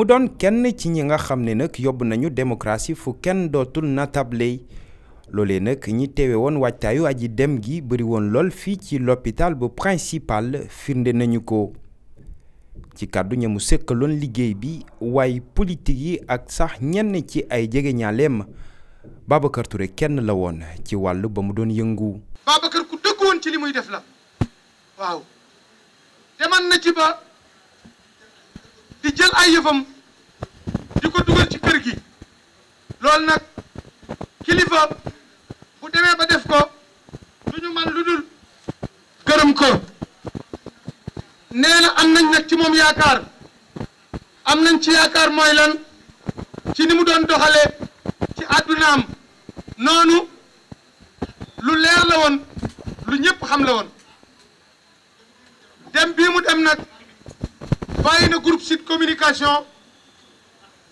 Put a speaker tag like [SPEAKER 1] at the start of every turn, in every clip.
[SPEAKER 1] mu doon kenn ci ñi nga xam ne nag yóbbu nañu démocratie fu kenn dootul natable loolee nag ñi teewe woon waajtaayu aji dem gi bëri woon lool fii ci l'hôpital bu principal firnde nañu ko ci kàddu ña mu sëkkaloon liggéey bi waaye politique yi ak sax ñenn ci ay jege ñaaleem Babacar kenn la woon ci wàll ba mu doon yëngu. Babacar
[SPEAKER 2] ku dëgg ci li muy def la waaw deman na ci di jël ay yëfam. di ko ci kër gi loolu nag kilifa bu demee ba def ko lu ñu man lu dul gërëm ko nee am nañ nag ci moom yaakaar am nañ ci yaakaar mooy lan ci ni mu doon doxalee ci àddunaam noonu lu leer la woon lu ñëpp xam la woon dem bii mu dem nag bàyyi na group site communication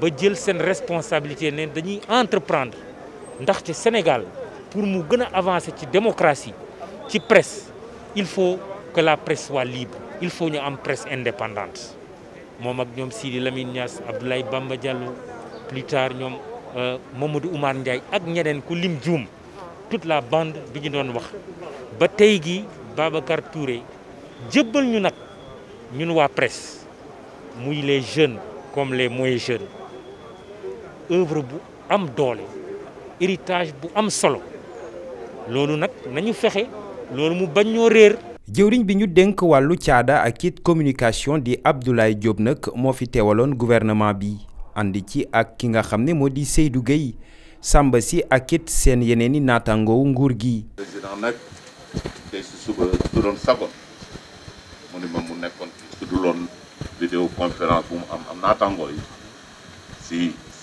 [SPEAKER 3] ba jël seen responsabilité ne dañuy entreprendre ndaxte Sénégal pour mu gën dans avancer ci démocratie ci presse il faut que la presse soit libre il faut ñu am presse indépendante moom ak ñoom Sidi Lamine Niass Abdoulaye Bamba Diallo plus tard ñoom euh, Mamadou Oumar Ndiaye ak ñeneen ku toute la bande bi ñu doon wax ba tey gi Babacar Touré Nous ñu nag ñun presse muy les jeunes comme les moins jeunes œuvre bu am doole héritage bu am solo loolu nak nañu fexé loolu mu bañ ñoo réer.
[SPEAKER 1] jëwriñ bi ñu dénk wàllu caada ak it communication di Abdoulaye Diop nag moo fi teewaloon gouvernement bi andi ci ak ki nga xam ne moo di Seydou Gueye Samba si ak it seen yeneeni nguur gi.
[SPEAKER 4] si.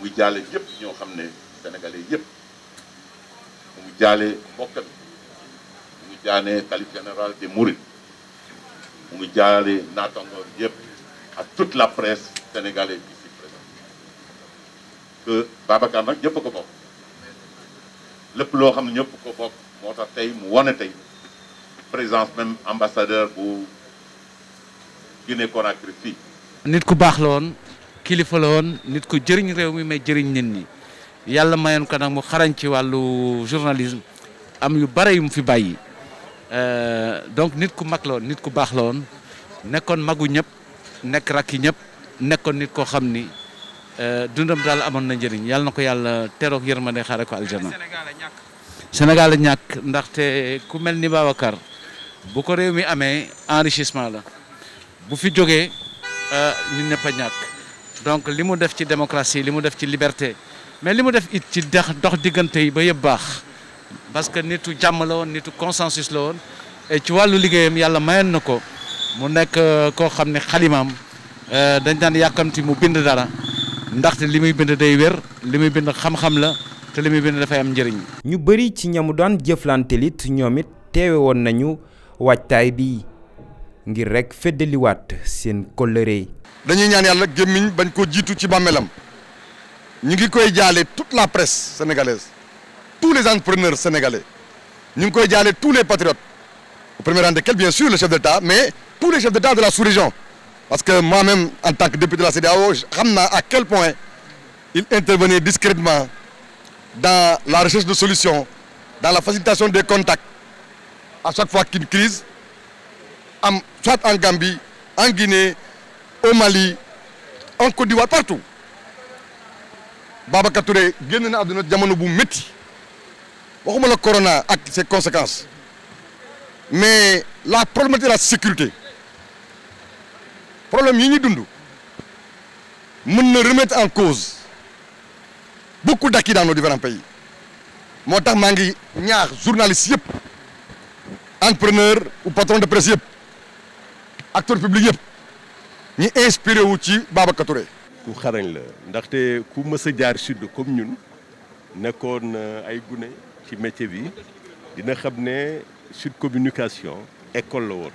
[SPEAKER 4] On jaale ñoo ne sénégalais yëpp mu les à mu général des Mourides toute la presse sénégalaise ici présente que Babacar ñëpp ko le plus je ne ñëpp ko bok présence même ambassadeur pour Guinée Conakry
[SPEAKER 5] kilifa la woon nit ku jëriñ réew mi may jëriñ nit ñi yàlla mayoon ko mu xarañ ci wàllu journalisme am yu bare yu mu fi bàyyi euh, donc nit ku mag la woon nit ku baax la woon nekkoon magu ñëpp nekk rakki ñëpp nekkoon nit koo xam ni euh, dundam daal amoon na njëriñ yàlla na ko yàlla teroog yërmande xaare ko aljana Sénégal la ñàkk ndaxte ku mel ni Babacar bu ko réew mi amee enrichissement la bu fi jógee euh, ñun ñëpp a ñàkk donc li mu def ci démocratie li mu def ci liberté mais li mu def it ci dex dox diggante yi ba yëpp baax parce que nitu jàmm la woon nitu consensus la woon ci wàllu liggéeyam yàlla mayoon na ko mu nekk euh, koo xam ne xalimaam euh, dañ daan yàkkamti
[SPEAKER 1] mu bind dara ndaxte li muy bind day wér li muy bind xam-xam la te li muy bind dafay am njëriñ. ñu bëri ci ñamu daan jëflantelit ñoom it teewe woon nañu waajtaay bii ngir rek feddaliwaat seen kóllëre yi. dañuy ñaan yalla gemmiñ bañ ko jitu ci bamélam ñu ngi koy jalé toute la presse sénégalaise
[SPEAKER 6] tous les entrepreneurs sénégalais ñu ngi koy tous les patriotes au premier rang desquels bien sûr le chef d'État mais tous les chefs d'État de la sous-région parce que moi-même en tant que député de la CEDEAO je sais à quel point il intervenait discrètement dans la recherche de solutions dans la facilitation des contacts à chaque fois qu'une crise soit en Gambie en Guinée au Mali en Côte d'Ivoire partout Babacar Touré génn na àdduna jamono bu métti waxuma le corona a ses conséquences mais la problématique de la sécurité Le problème yi que nous mën remettre en cause beaucoup d'acquis dans nos différents pays je suis maa ngi journalistes entrepreneur ou patron de presse acteur public ni inspiré wu ci
[SPEAKER 7] ku xarañ la ku jaar sud comme ñun euh, ay ci métier bi dina sud communication école la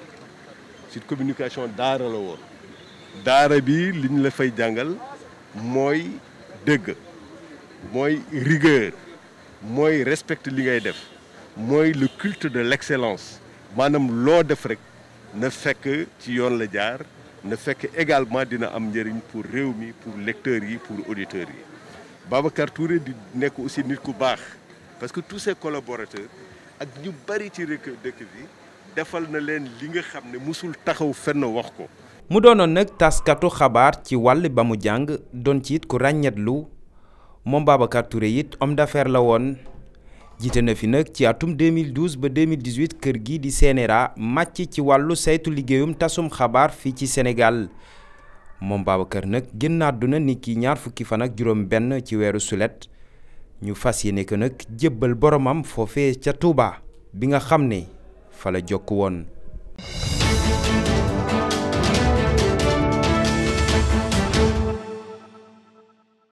[SPEAKER 7] sud communication daara la bi la rigueur respect li ngay le culte de l'excellence maanaam loo def fait fekk ci yoon la jaar fait fekk également dina am njëriñ pour réew pour lecteurs yi pour auditeurs yi Babacar Touré di nekk aussi nit ku baax parce que tous ses collaborateurs ak ñu bari ci rek dëkk bi defal na leen li nga xam ne musul taxaw fenn wax ko.
[SPEAKER 1] mu doonoon nag taskatu xabaar ci wàll ba mu jàng doon ci it ku ràññetlu Babacar Touré it homme d'affaires la woon. jiite na fi nag ci atum 2012 ba 2018 kër gi di CNRA màcc ci wàllu saytu liggéeyum tasum xabaar fii ci Sénégal moom kër nag génn àdduna ni ki ñaar fukki fan ak juróom benn ci weeru sulet ñu fas yéene ko nag jébbal boromam foofee ca Touba bi nga xam ne fala la jokk woon